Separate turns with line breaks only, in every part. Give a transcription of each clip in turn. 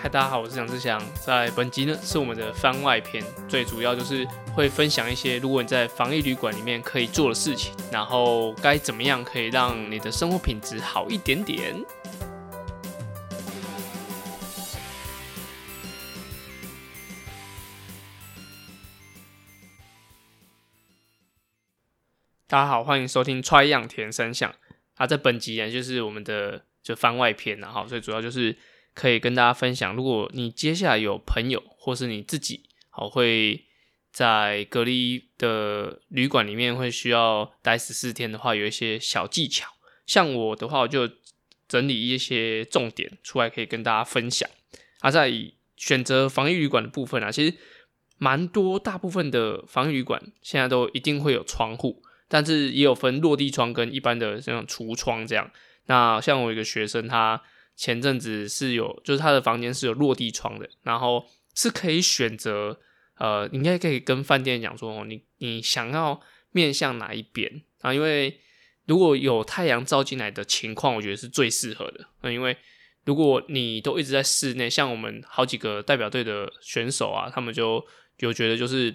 嗨，大家好，我是楊志祥。在本集呢，是我們的番外篇，最主要就是會分享一些如果你在防疫旅館裡面可以做的事情，然後該怎麼樣可以讓你的生活品質好一點點。大家好，歡迎收聽《TriYang 鐵三項》啊，在本集呢，就是我們的就番外篇，然後最主要就是。可以跟大家分享，如果你接下來有朋友或是你自己好、哦、會在隔離的旅館裡面會需要待十四天的話，有一些小技巧。像我的話，我就整理一些重點出來，可以跟大家分享。而、啊、在選擇防疫旅館的部分啊，其實蠻多，大部分的防疫旅館現在都一定會有窗戶，但是也有分落地窗跟一般的這種櫥窗這樣。那像我一個學生他。前陣子是有，就是他的房間是有落地窗的，然後是可以選擇，呃，你應該可以跟飯店講說，你你想要面向哪一邊啊？因為如果有太陽照進來的情況，我覺得是最適合的。那，啊，因為如果你都一直在室內，像我們好幾個代表隊的選手啊，他們就有覺得就是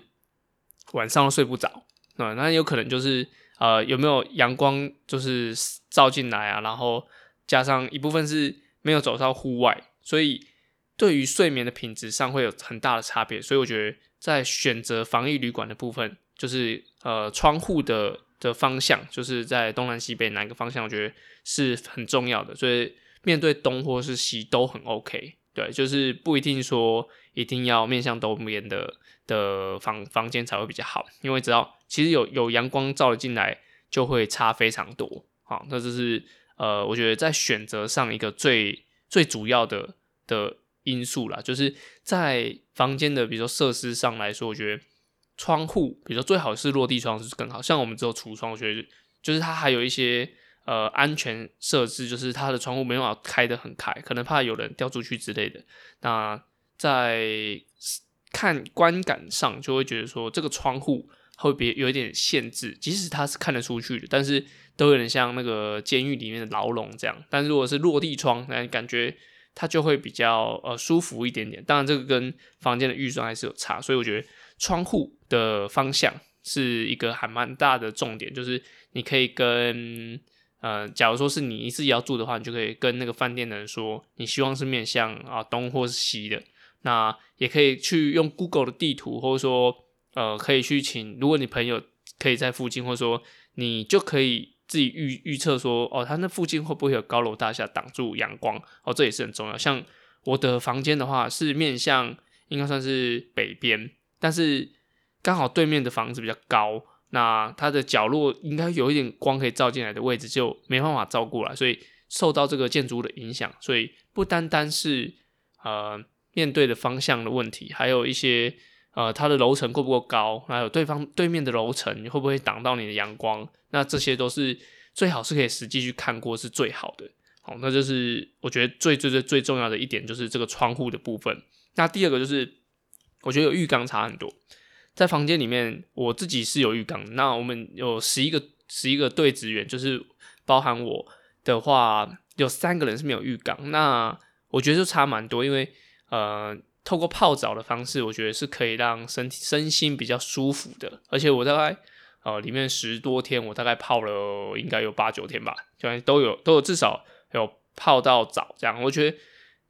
晚上都睡不着啊，那有可能就是呃有沒有陽光就是照進來啊，然後加上一部分是。沒有走到戶外，所以對於睡眠的品質上會有很大的差別。所以我覺得在選擇防疫旅館的部分，就是呃窗戶的的方向，就是在東南西北哪一個方向，我覺得是很重要的。所以面對東或是西都很 OK。對，就是不一定說一定要面向東邊的的房房間才會比較好，因為只要其實有有陽光照進來，就會差非常多。好，哦，那就是。呃，我覺得在選擇上一個最最主要的的因素啦，就是在房間的，比如說設施上來說，我覺得窗戶，比如說最好是落地窗，是更好。像我們只有櫥窗，我覺得就是、就是、它還有一些呃安全設置，就是它的窗戶沒有辦法開得很開，可能怕有人掉出去之類的。那在看觀感上，就會覺得說這個窗戶。會別有一點限制，即使它是看得出去的，但是都有點像那個監獄裡面的牢籠這樣。但是如果是落地窗，那你感覺它就會比較呃舒服一點點。當然，這個跟房間的預算還是有差，所以我覺得窗戶的方向是一個還蠻大的重點，就是你可以跟呃，假如說是你自己要住的話，你就可以跟那個飯店的人說，你希望是面向啊東或是西的。那也可以去用 Google 的地圖，或者說。呃，可以去請。如果你朋友可以在附近或，或者說你就可以自己預預測說，哦，他那附近會不會有高樓大廈擋住陽光？哦，這也是很重要。像我的房間的話，是面向應該算是北邊，但是剛好對面的房子比較高，那它的角落應該有一點光可以照進來的位置，就沒辦法照過來，所以受到這個建築的影響。所以不單單是呃面對的方向的問題，還有一些。呃，它的樓層夠不夠高？還有對方對面的樓層你會不會擋到你的陽光？那這些都是最好是可以實際去看過是最好的。好，那就是我覺得最最最最重要的一點就是這個窗戶的部分。那第二個就是，我覺得有浴缸差很多。在房間裡面，我自己是有浴缸。那我們有十一個十一個隊職員，就是包含我的話，有三個人是沒有浴缸。那我覺得就差蠻多，因為呃。透過泡澡的方式，我覺得是可以讓身體身心比較舒服的。而且我大概哦、呃，裡面十多天，我大概泡了，應該有八九天吧，就都有都有至少有泡到澡這樣。我覺得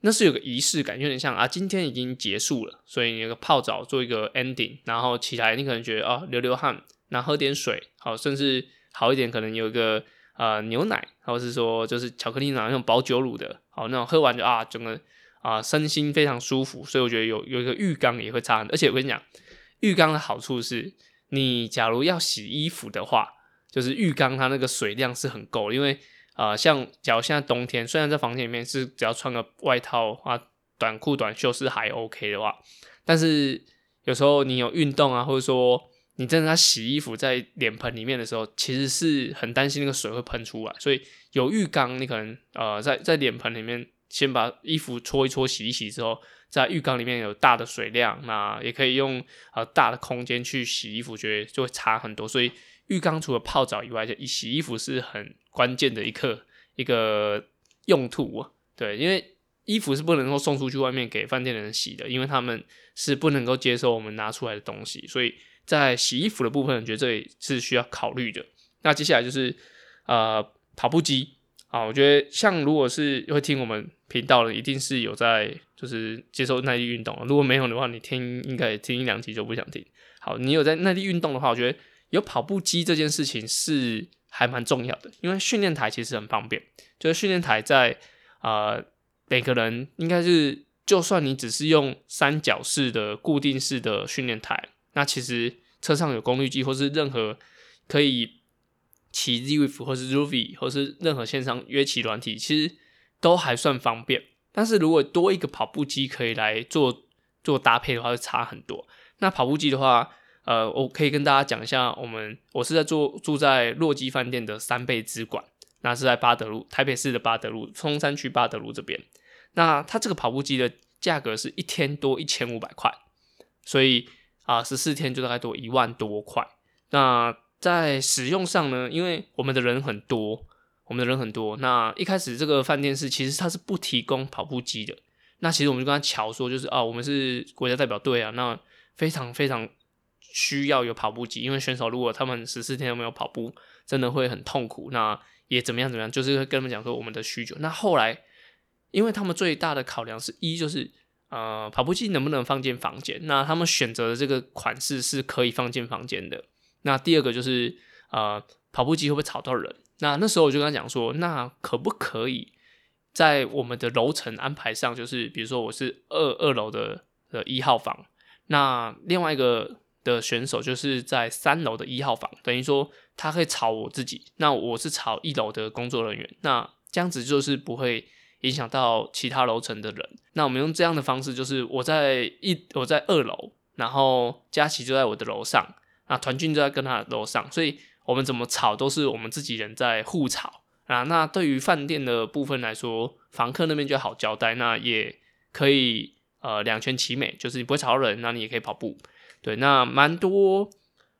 那是有個儀式感，有點像啊，今天已經結束了，所以你有個泡澡做一個 ending，然後起來你可能覺得啊，流流汗，然後喝點水好，啊，甚至好一點可能有一個呃牛奶，或者是說就是巧克力奶那種保久乳的，好、啊，那種喝完就啊，整個。啊、呃，身心非常舒服，所以我覺得有有一個浴缸也會差很多。而且我跟你講，浴缸的好處是你假如要洗衣服的話，就是浴缸它那個水量是很夠的，因為啊、呃，像假如現在冬天，雖然在房間裡面是只要穿個外套啊、短褲、短袖是還 OK 的話，但是有時候你有運動啊，或者說你真的在洗衣服在臉盆裡面的時候，其實是很擔心那個水會噴出來，所以有浴缸你可能呃在在臉盆裡面。先把衣服搓一搓、洗一洗之後，在浴缸裡面有大的水量，那也可以用呃大的空間去洗衣服，覺得就會差很多。所以浴缸除了泡澡以外，就洗衣服是很關鍵的一個一個用途。對，因為衣服是不能夠送出去外面給飯店的人洗的，因為他們是不能夠接受我們拿出來的東西。所以在洗衣服的部分，我覺得這裡是需要考慮的。那接下來就是呃跑步機。啊，我覺得像如果是會聽我們頻道的，一定是有在就是接受耐力運動，如果沒有的話，你聽應該也聽一兩集就不想聽。好，你有在耐力運動的話，我覺得有跑步機這件事情是還蠻重要的，因為訓練台其實很方便。就是訓練台在啊、呃，每個人應該是就算你只是用三角式的固定式的訓練台，那其實車上有功率計或是任何可以。騎 Zwift 或是 Rouvy 或是任何線上約騎軟體，其實都還算方便。但是如果多一個跑步機可以來做做搭配的話，會差很多。那跑步機的話，呃，我可以跟大家講一下，我們我是在住住在洛基飯店的三倍資管，那是在八德路，台北市的八德路，松山區八德路這邊。那它這個跑步機的價格是一天多一千五百塊，所以啊，十、呃、四天就大概多一萬多塊。那在使用上呢，因為我們的人很多，我們的人很多。那一開始這個飯店是其實它是不提供跑步機的。那其實我們就跟他喬說，就是啊、哦，我們是國家代表隊啊，那非常非常需要有跑步機，因為選手如果他們十四天都沒有跑步，真的會很痛苦。那也怎麼樣怎麼樣，就是跟他們講說我們的需求。那後來，因為他們最大的考量是一就是呃跑步機能不能放進房間。那他們選擇的這個款式是可以放進房間的。那第二個就是，呃，跑步機會不會吵到人？那那時候我就跟他講說，那可不可以在我們的樓層安排上，就是比如說我是二二樓的的一號房，那另外一個的選手就是在三樓的一號房，等於說他可以吵我自己，那我是吵一樓的工作人員，那這樣子就是不會影響到其他樓層的人。那我們用這樣的方式，就是我在一，我在二樓，然後佳琪就在我的樓上。啊，團畯就在跟他樓上，所以我們怎麼吵都是我們自己人在互吵啊。那對於飯店的部分來說，房客那邊就好交代，那也可以呃兩全其美，就是你不會吵到人，那你也可以跑步。對，那蠻多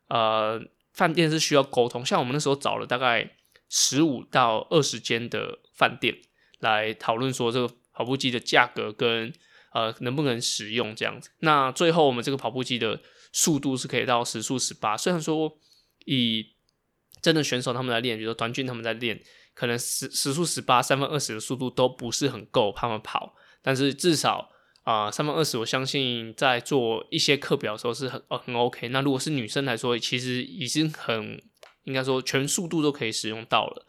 呃飯店是需要溝通，像我們那時候找了大概十五到二十間的飯店來討論說這個跑步機的價格跟。呃，能不能使用這樣子？那最後我們這個跑步機的速度是可以到時速十八。雖然說以真的選手他們來練，比如說團畯他們在練，可能時時速十八、三分二十的速度都不是很夠他們跑。但是至少啊，三分二十，20 20我相信在做一些課表的時候是很很 OK。那如果是女生來說，其實已經很應該說全速度都可以使用到了。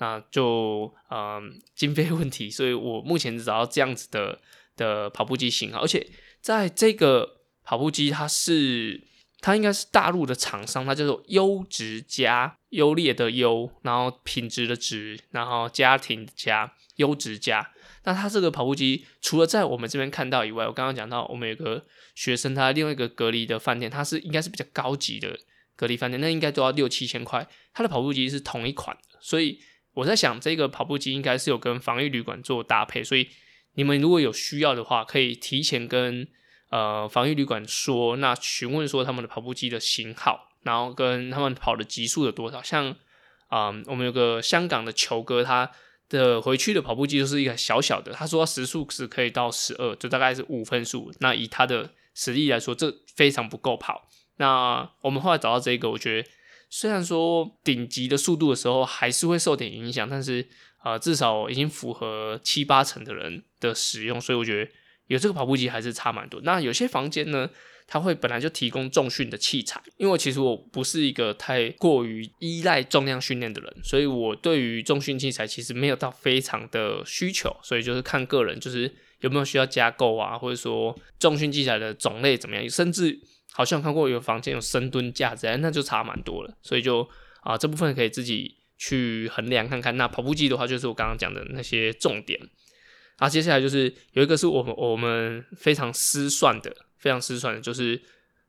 那就嗯，經、呃、費問題，所以我目前只找到這樣子的。的跑步機型號，而且在這個跑步機，它是它應該是大陸的廠商，它叫做“優質家，優劣的優，然後品質的質，然後家庭的家，優質家。那它這個跑步機除了在我們這邊看到以外，我剛剛講到我們有個學生，他另外一個隔離的飯店，他是應該是比較高級的隔離飯店，那應該都要六七千塊。他的跑步機是同一款，所以我在想，這個跑步機應該是有跟防疫旅館做搭配，所以。你們如果有需要的話，可以提前跟呃防疫旅館說，那詢問說他們的跑步機的型號，然後跟他們跑的極速有多少。像啊、呃，我們有個香港的球哥，他的回去的跑步機就是一個小小的，他說時速是可以到十二，就大概是五分速。那以他的實力來說，這非常不夠跑。那我們後來找到這個，我覺得雖然說頂級的速度的時候還是會受點影響，但是。啊、呃，至少已經符合七八成的人的使用，所以我覺得有這個跑步機還是差蠻多。那有些房間呢，它會本來就提供重訓的器材，因為其實我不是一個太過於依賴重量訓練的人，所以我對於重訓器材其實沒有到非常的需求，所以就是看個人，就是有沒有需要加購啊，或者說重訓器材的種類怎麼樣，甚至好像看過有房間有深蹲架子，哎，那就差蠻多了，所以就啊、呃、這部分可以自己。去衡量看看，那跑步機的話，就是我剛剛講的那些重點。啊，接下來就是有一個是我們我們非常失算的，非常失算的就是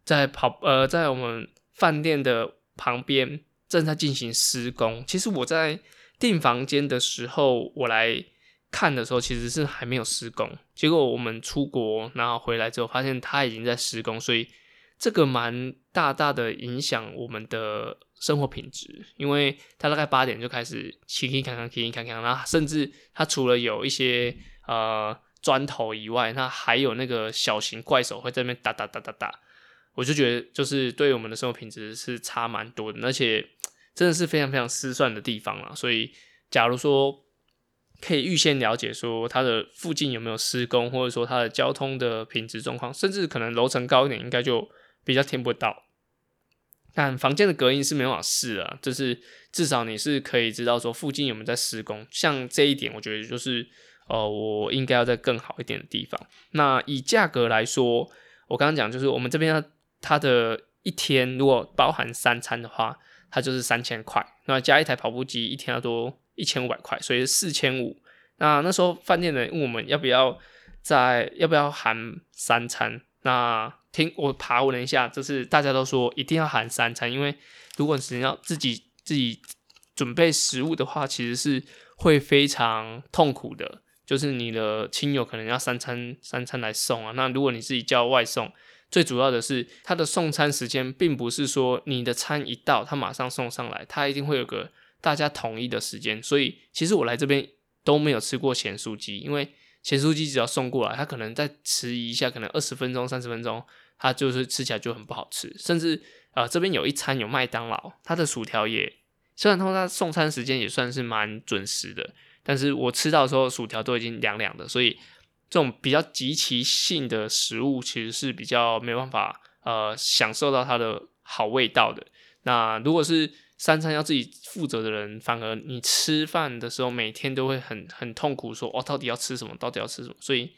在跑，呃，在我們飯店的旁邊正在進行施工。其實我在訂房間的時候，我來看的時候其實是還沒有施工，結果我們出國，然後回來之後發現它已經在施工，所以這個蠻大大的影響我們的。生活品質，因為他大概八點就開始乒乒乓乓，乒乒乓乓，那甚至他除了有一些呃磚頭以外，那還有那個小型怪手會在那邊打打打打打，我就覺得就是對我們的生活品質是差蠻多的，而且真的是非常非常失算的地方啦。所以，假如說可以預先了解說它的附近有沒有施工，或者說它的交通的品質狀況，甚至可能樓層高一點，應該就比較聽不到。但房間的隔音是沒法試了，就是至少你是可以知道說附近有沒有在施工，像這一點我覺得就是，呃，我應該要在更好一點的地方。那以價格來說，我剛剛講就是我們這邊它的一天如果包含三餐的話，它就是三千塊，那加一台跑步機一天要多一千五百塊，所以是四千五。那那時候飯店人問我們要不要在，要不要含三餐，那。聽我爬文一下，就是大家都說一定要含三餐，因為如果你要自己自己準備食物的話，其實是會非常痛苦的。就是你的親友可能要三餐三餐來送啊，那如果你自己叫外送，最主要的是他的送餐時間並不是說你的餐一到他馬上送上來，他一定會有個大家統一的時間。所以其實我來這邊都沒有吃過鹹酥雞，因為。鹹酥雞只要送過來，他可能再遲疑一下，可能二十分鐘、三十分鐘，他就是吃起來就很不好吃。甚至啊、呃，這邊有一餐有麥當勞，他的薯條也雖然說他送餐時間也算是蠻準時的，但是我吃到的時候薯條都已經涼涼的。所以這種比較極其性的食物，其實是比較沒有辦法呃享受到它的好味道的。那如果是三餐要自己負責的人，反而你吃飯的時候每天都會很很痛苦說，說哦，到底要吃什麼？到底要吃什麼？所以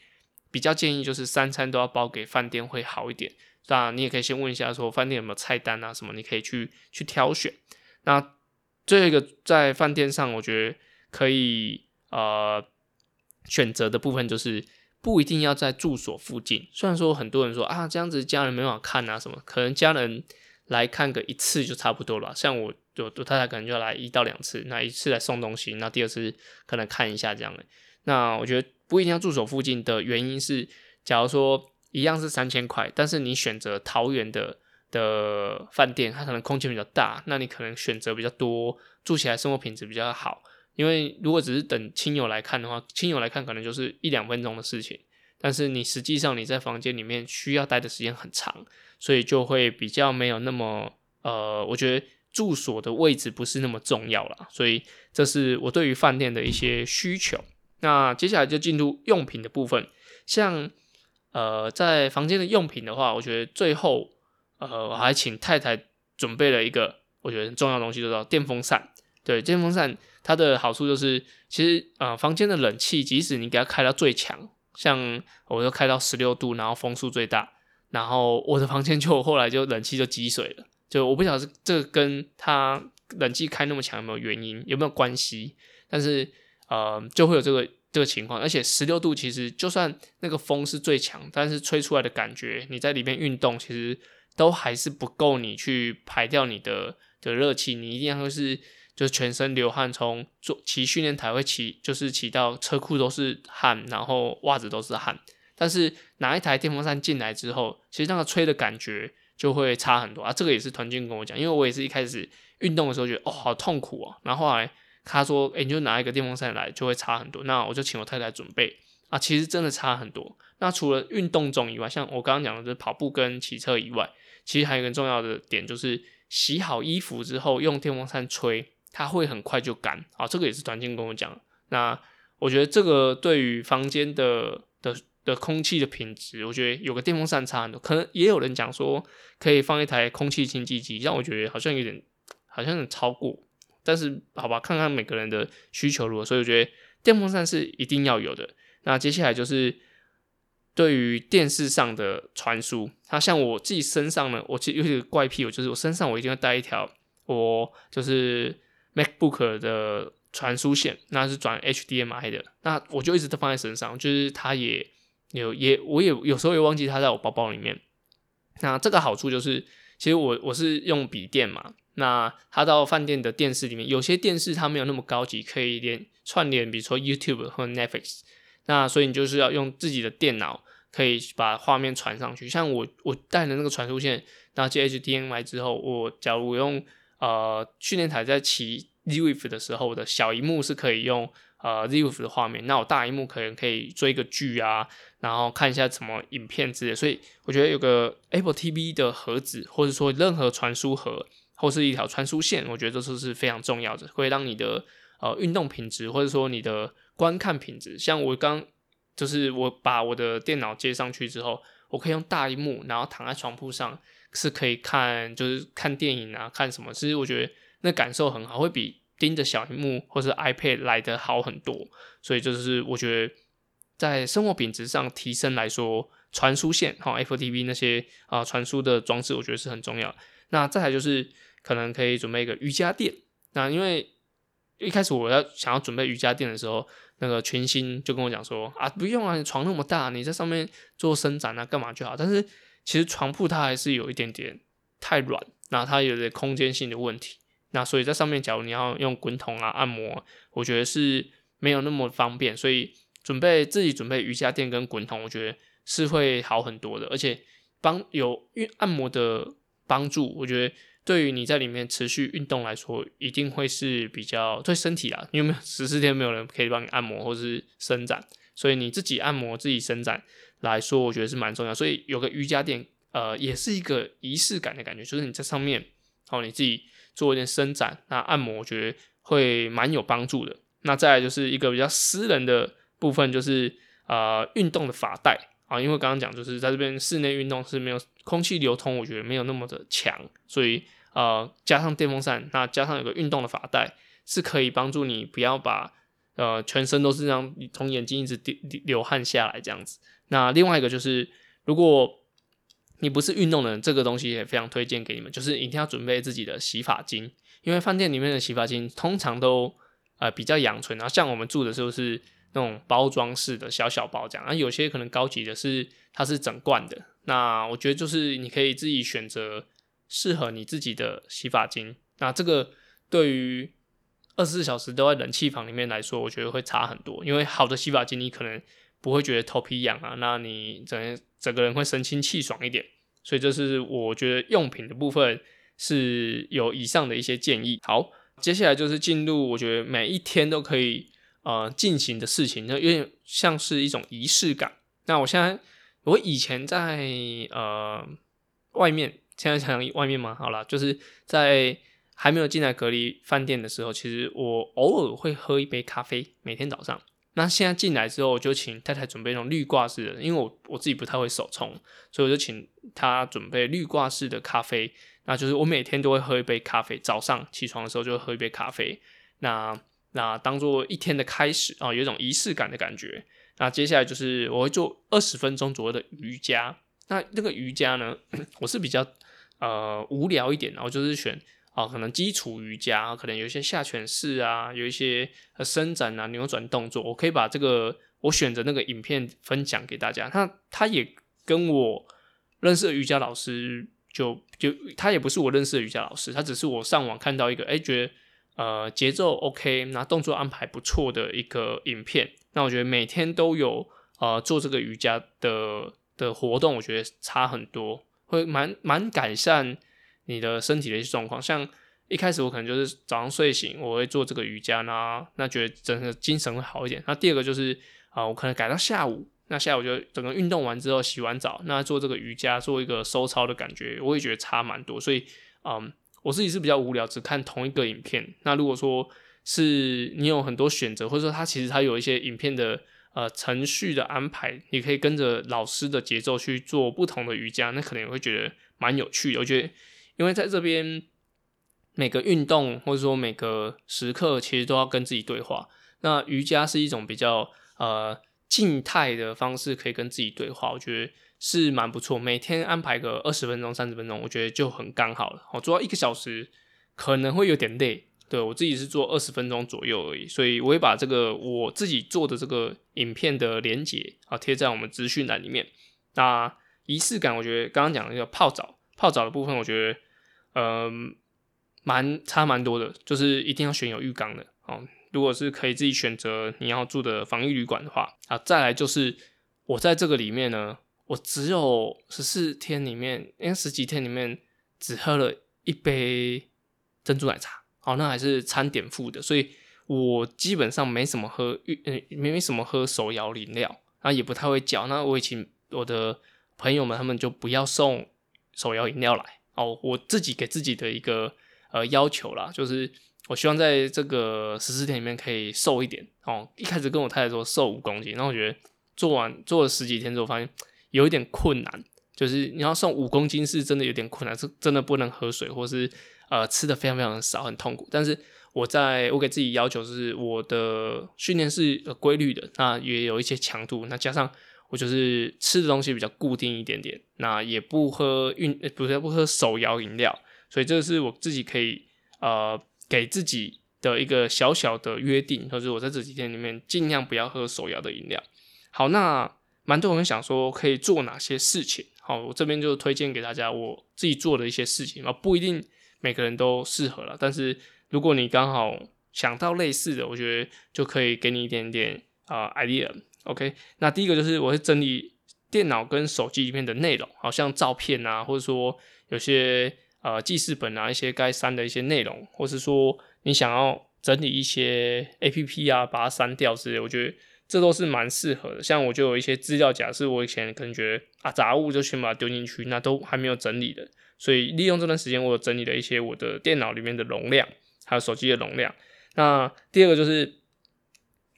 比較建議就是三餐都要包給飯店會好一點。那你也可以先問一下，說飯店有沒有菜單啊？什麼你可以去去挑選。那最後一個在飯店上，我覺得可以呃選擇的部分就是不一定要在住所附近。雖然說很多人說啊，這樣子家人沒辦法看啊什麼，可能家人來看個一次就差不多了。像我。就太太可能就來一到兩次，那一次來送東西，那第二次可能看一下這樣的。那我覺得不一定要住所附近的原因是，假如說一樣是三千塊，但是你選擇桃園的的飯店，它可能空間比較大，那你可能選擇比較多，住起來生活品質比較好。因為如果只是等親友來看的話，親友來看可能就是一兩分鐘的事情，但是你實際上你在房間裡面需要待的時間很長，所以就會比較沒有那麼呃，我覺得。住所的位置不是那麼重要了。所以這是我對於飯店的一些需求。那接下來就進入用品的部分，像呃，在房間的用品的話，我覺得最後呃，我還請太太準備了一個我覺得很重要的東西，就是電風扇。對，電風扇它的好處就是，其實啊、呃，房間的冷氣即使你給它開到最強，像我都開到十六度，然後風速最大，然後我的房間就後來就冷氣就積水了。就我不曉得是這跟他冷氣開那麼強有沒有原因，有沒有關係？但是呃就會有這個這個情況，而且十六度其實就算那個風是最強，但是吹出來的感覺，你在裡面運動其實都還是不夠你去排掉你的的熱氣，你一定要是就是就全身流汗，從坐騎訓練台會騎就是騎到車褲都是汗，然後襪子都是汗。但是拿一台電風扇進來之後，其實那個吹的感覺。就會差很多啊！這個也是團畯跟我講，因為我也是一開始運動的時候覺得哦好痛苦啊，然後，後來他說誒，你就拿一個電風扇來就會差很多，那我就請我太太準備啊，其實真的差很多。那除了運動中以外，像我剛剛講的，就是跑步跟騎車以外，其實還有一個重要的點就是洗好衣服之後用電風扇吹，它會很快就乾啊！這個也是團畯跟我講，那我覺得這個對於房間的的。的空氣的品質，我覺得有個電風扇差很多。可能也有人講說可以放一台空氣清淨機，讓我覺得好像有點好像有點超過。但是好吧，看看每個人的需求如何。所以我覺得電風扇是一定要有的。那接下來就是對於電視上的傳輸，它像我自己身上呢，我其實有一個怪癖，我就是我身上我一定要帶一條，我就是 MacBook 的傳輸線，那是轉 HDMI 的。那我就一直都放在身上，就是它也。有也，我也有時候也忘記它在我包包裡面。那這個好處就是，其實我我是用筆電嘛。那它到飯店的電視裡面，有些電視它沒有那麼高級，可以連串聯，比如說 YouTube 或 Netflix。那所以你就是要用自己的電腦，可以把畫面傳上去。像我我帶了那個傳輸線，然後接 HDMI 之後，我假如我用呃訓練台在騎 Zwift 的時候的小熒幕是可以用。呃，uh，live 的畫面，那我大熒幕可能可以追個劇啊，然後看一下什麼影片之類，所以我覺得有個 Apple TV 的盒子，或者說任何傳輸盒或是一條傳輸線，我覺得都是是非常重要的，會讓你的呃運動品質或者說你的觀看品質，像我剛就是我把我的電腦接上去之後，我可以用大熒幕，然後躺在床鋪上是可以看，就是看電影啊，看什麼，其實我覺得那感受很好，會比盯着小屏幕或是 iPad 來的好很多，所以就是我覺得在生活品質上提升來說，傳輸線哈 f p TV 那些啊傳輸的裝置，我覺得是很重要。那再來就是可能可以準備一個瑜伽墊。那因為一開始我要想要準備瑜伽墊的時候，那個群星就跟我講說啊，不用啊，你床那麼大，你在上面做伸展啊，幹嘛就好。但是其實床鋪它還是有一點點太軟，然後它有點空間性的問題。那所以，在上面，假如你要用滾筒啊按摩，我覺得是沒有那麼方便。所以準備自己準備瑜伽墊跟滾筒，我覺得是會好很多的。而且幫有運按摩的幫助，我覺得對於你在裡面持續運動來說，一定會是比較對身體啊。因為沒有十四天沒有人可以幫你按摩或是伸展，所以你自己按摩自己伸展來說，我覺得是蠻重要。所以有個瑜伽墊，呃，也是一個儀式感的感覺，就是你在上面，好你自己。做一點伸展，那按摩我覺得會蠻有幫助的。那再來就是一個比較私人的部分，就是呃運動的髮帶啊，因為我剛剛講，就是在這邊室內運動是沒有空氣流通，我覺得沒有那麼的強，所以呃加上電風扇，那加上有個運動的髮帶是可以幫助你不要把呃全身都是這樣從眼睛一直滴流汗下來這樣子。那另外一個就是如果。你不是運動的人，這個東西也非常推薦給你們，就是一定要準備自己的洗髮精，因為飯店裡面的洗髮精通常都呃比較陽春，然後像我們住的時候是那種包裝式的小小包這樣，那、啊、有些可能高級的是它是整罐的，那我覺得就是你可以自己選擇適合你自己的洗髮精，那這個對於二十四小時都在冷氣房裡面來說，我覺得會差很多，因為好的洗髮精你可能不會覺得頭皮癢啊，那你整整個人會神清氣爽一點。所以這是我覺得用品的部分，是有以上的一些建議。好，接下來就是進入我覺得每一天都可以呃進行的事情，那有點像是一種儀式感。那我現在我以前在呃外面，現在想外面嘛，好了，就是在還沒有進來隔離飯店的時候，其實我偶爾會喝一杯咖啡，每天早上。那現在進來之後，就請太太準備那種濾掛式的，因為我我自己不太會手沖，所以我就請她準備濾掛式的咖啡。那就是我每天都會喝一杯咖啡，早上起床的時候就會喝一杯咖啡，那那當做一天的開始啊、哦，有一種儀式感的感覺。那接下來就是我會做二十分鐘左右的瑜伽。那這個瑜伽呢，我是比較呃無聊一點然後就是選。啊、哦，可能基礎瑜伽，可能有一些下犬式啊，有一些呃伸展啊、扭轉動作，我可以把這個我選擇那個影片分享給大家。那他,他也跟我認識的瑜伽老師就就他也不是我認識的瑜伽老師，他只是我上網看到一個，哎、欸，覺得呃節奏 OK，那動作安排不錯的一個影片。那我覺得每天都有呃做這個瑜伽的的活動，我覺得差很多，會蠻蠻改善。你的身體的一些狀況，像一開始我可能就是早上睡醒，我會做這個瑜伽，那那覺得整個精神會好一點。那第二個就是啊、呃，我可能改到下午，那下午就整個運動完之後洗完澡，那做這個瑜伽，做一個收操的感覺，我也覺得差蠻多。所以嗯，我自己是比較無聊，只看同一個影片。那如果說是你有很多選擇，或者說它其實它有一些影片的呃程序的安排，你可以跟着老師的節奏去做不同的瑜伽，那可能也會覺得蠻有趣的。我覺得。因為在這邊，每個運動或者說每個時刻，其實都要跟自己對話。那瑜伽是一種比較呃靜態的方式，可以跟自己對話，我覺得是蠻不錯。每天安排個二十分鐘、三十分鐘，我覺得就很剛好了。我做到一個小時可能會有點累。對我自己是做二十分鐘左右而已，所以我會把這個我自己做的這個影片的連結啊貼在我們資訊欄裡面。那儀式感，我覺得剛剛講的那個泡澡。泡澡的部分，我覺得，嗯，蠻差蠻多的，就是一定要選有浴缸的哦，如果是可以自己選擇你要住的防疫旅館的話，啊，再來就是我在這個裡面呢，我只有十四天裡面，應該十幾天裡面只喝了一杯珍珠奶茶，好，哦，那還是餐點附的，所以我基本上沒什麼喝浴，嗯、呃，沒沒什麼喝手搖飲料，那，啊、也不太會叫，那我也請我的朋友們他們就不要送。手搖飲料來哦，我自己給自己的一個呃要求啦，就是我希望在這個十四天裡面可以瘦一點哦。一開始跟我太太說瘦五公斤，然後我覺得做完做了十幾天之後，發現有一點困難，就是你要瘦五公斤是真的有點困難，是真的不能喝水，或是呃吃的非常非常少，很痛苦。但是我在我給自己要求是，我的訓練是規律的，那也有一些強度，那加上。我就是吃的東西比較固定一點點，那也不喝運、欸，不是不喝手搖飲料，所以這個是我自己可以呃給自己的一個小小的約定，就是我在這幾天裡面儘量不要喝手搖的飲料。好，那蠻多人想說可以做哪些事情，好，我這邊就推薦給大家我自己做的一些事情啊，不一定每個人都適合啦，但是如果你剛好想到類似的，我覺得就可以給你一點點啊、呃、idea。OK，那第一個就是我會整理電腦跟手機裡面的內容，好像照片啊，或者說有些呃記事本啊，一些該刪的一些內容，或是說你想要整理一些 APP 啊，把它刪掉之類。我覺得這都是蠻適合的。像我就有一些資料假，假設我以前感覺啊雜物就全把它丟進去，那都還沒有整理的，所以利用這段時間，我整理了一些我的電腦裡面的容量，還有手機的容量。那第二個就是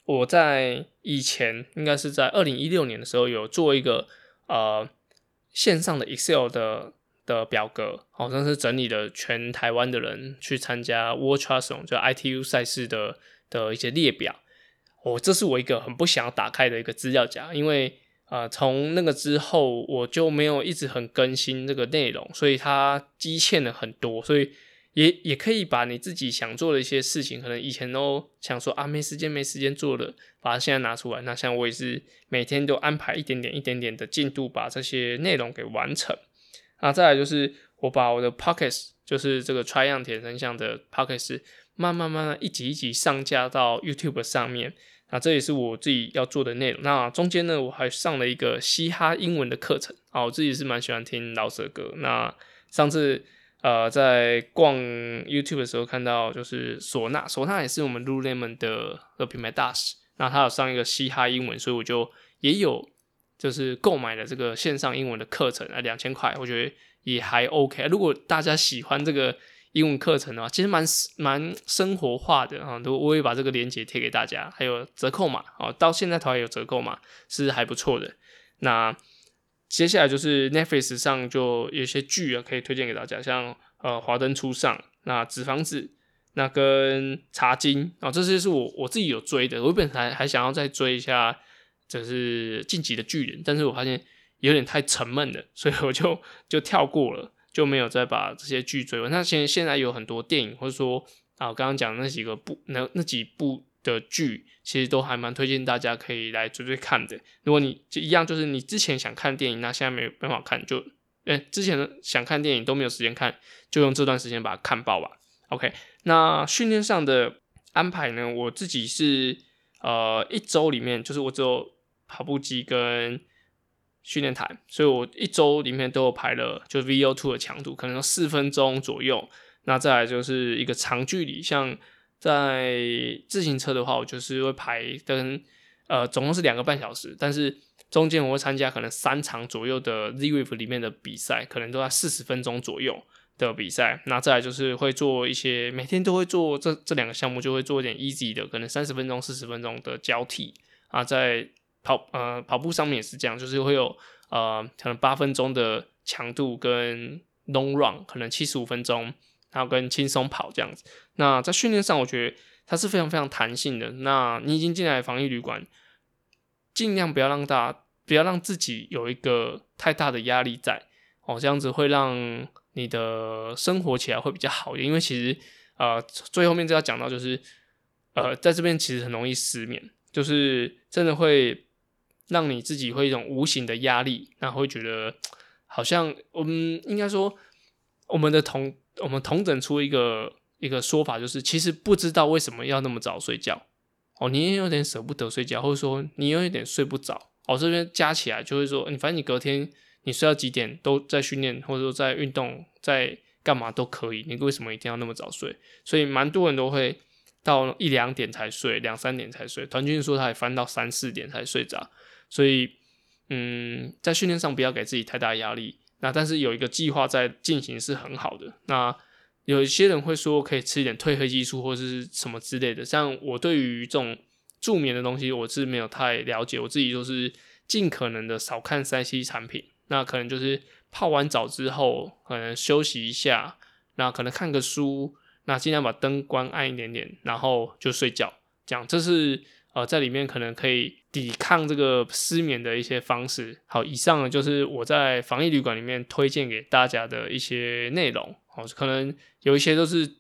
我在。以前應該是在二零一六年的時候有做一個呃線上的 Excel 的的表格，好、哦、像是整理了全台灣的人去參加 World Triathlon 就 ITU 賽事的的一些列表。我、哦、這是我一個很不想要打開的一個資料夾，因為啊從、呃、那個之後我就沒有一直很更新這個內容，所以它積欠了很多，所以。也也可以把你自己想做的一些事情，可能以前都想說啊沒時間沒時間做了，把它現在拿出來。那像我也是每天都安排一點點一點點的進度，把這些內容給完成。那再來就是我把我的 Podcast，就是這個 try TriYang 鐵人三項的 Podcast，慢慢慢慢一集一集上架到 YouTube 上面。那這也是我自己要做的內容。那中間呢，我還上了一個嘻哈英文的課程啊、喔，我自己是蠻喜歡聽饒舌歌。那上次。呃，在逛 YouTube 的時候看到，就是索娜，索娜也是我們 lululemon 的的品牌大使。那他有上一個嘻哈英文，所以我就也有就是購買了這個線上英文的課程啊，兩千塊，我覺得也還 OK。如果大家喜歡這個英文課程的話，其實蠻蠻生活化的哈，都、啊、我也把這個鏈接貼給大家，還有折扣碼啊，到現在頭還有折扣碼，是還不錯的。那。接下來就是 Netflix 上就有些劇啊，可以推薦給大家，像呃《華燈初上》、那《紙房子》、那跟茶《茶金》啊，這些是我我自己有追的。我本來還想要再追一下，就是《進擊的巨人》，但是我發現有點太沉悶了，所以我就就跳過了，就沒有再把這些劇追完。那現現在有很多電影，或者說啊，剛剛講的那幾個部那那幾部。的劇其實都還蠻推薦大家可以來追追看的。如果你就一樣，就是你之前想看電影，那現在沒有辦法看，就、欸、之前想看電影都沒有時間看，就用這段時間把它看爆吧。OK，那訓練上的安排呢？我自己是呃一周裡面，就是我只有跑步機跟訓練台，所以我一周裡面都有排了，就 VO2 的強度可能四分鐘左右。那再來就是一個長距離，像。在自行車的話，我就是會排跟呃，總共是兩個半小時，但是中間我會參加可能三場左右的 Zwift 裡面的比賽，可能都在四十分鐘左右的比賽。那再來就是會做一些每天都會做這這兩個項目，就會做一點 easy 的，可能三十分鐘、四十分鐘的交替啊，在跑呃跑步上面也是這樣，就是會有呃可能八分鐘的強度跟 long run，可能七十五分鐘，然後跟輕鬆跑這樣子。那在訓練上，我覺得它是非常非常彈性的。那你已經進來的防疫旅館，儘量不要讓大不要讓自己有一個太大的壓力在哦，這樣子會讓你的生活起來會比較好一點。因為其實啊、呃、最後面就要講到，就是呃，在這邊其實很容易失眠，就是真的會讓你自己會一種無形的壓力，然後會覺得好像我們、嗯、應該說我們的同我們同等出一個。一個說法就是，其實不知道為什麼要那麼早睡覺哦，你也有點舍不得睡覺，或者說你有一點睡不着哦，這邊加起來就會說，你反正你隔天你睡到幾點都在訓練，或者說在運動，在幹嘛都可以，你為什麼一定要那麼早睡？所以蠻多人都會到一兩點才睡，兩三點才睡。團畯說他也翻到三四點才睡着，所以嗯，在訓練上不要給自己太大壓力，那但是有一個計劃在進行是很好的，那。有一些人會說可以吃一點褪黑激素或者什麼之類的，像我對於這種助眠的東西，我是沒有太了解，我自己就是盡可能的少看 3C 產品，那可能就是泡完澡之後可能休息一下，那可能看個書，那盡量把燈關暗一點點，然後就睡覺，這樣這是。呃，在裡面可能可以抵抗這個失眠的一些方式。好，以上呢，就是我在防疫旅館裡面推薦給大家的一些內容。哦，可能有一些都是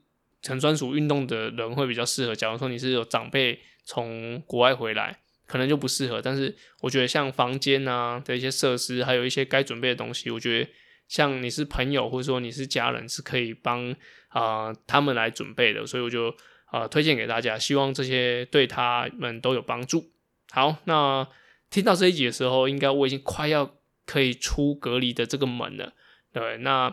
很專屬運動的人會比較適合。假如說你是有長輩從國外回來，可能就不適合。但是我覺得像房間啊的一些設施，還有一些該準備的東西，我覺得像你是朋友或者說你是家人是可以幫啊、呃、他們來準備的。所以我就。啊、呃，推薦給大家，希望這些對他們都有幫助。好，那聽到這一集的時候，應該我已經快要可以出隔離的這個門了。對，那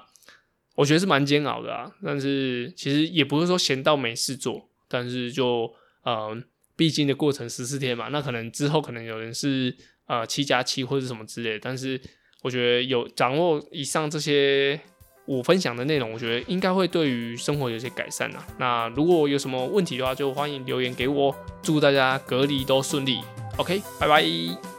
我覺得是蠻煎熬的啊，但是其實也不是說閒到沒事做，但是就呃，必經的過程十四天嘛，那可能之後可能有人是呃七加七或者什麼之類的，但是我覺得有掌握以上這些。我分享的內容，我覺得應該會對於生活有些改善。那如果有什麼問題的話，就歡迎留言給我。祝大家隔離都順利。OK，拜拜。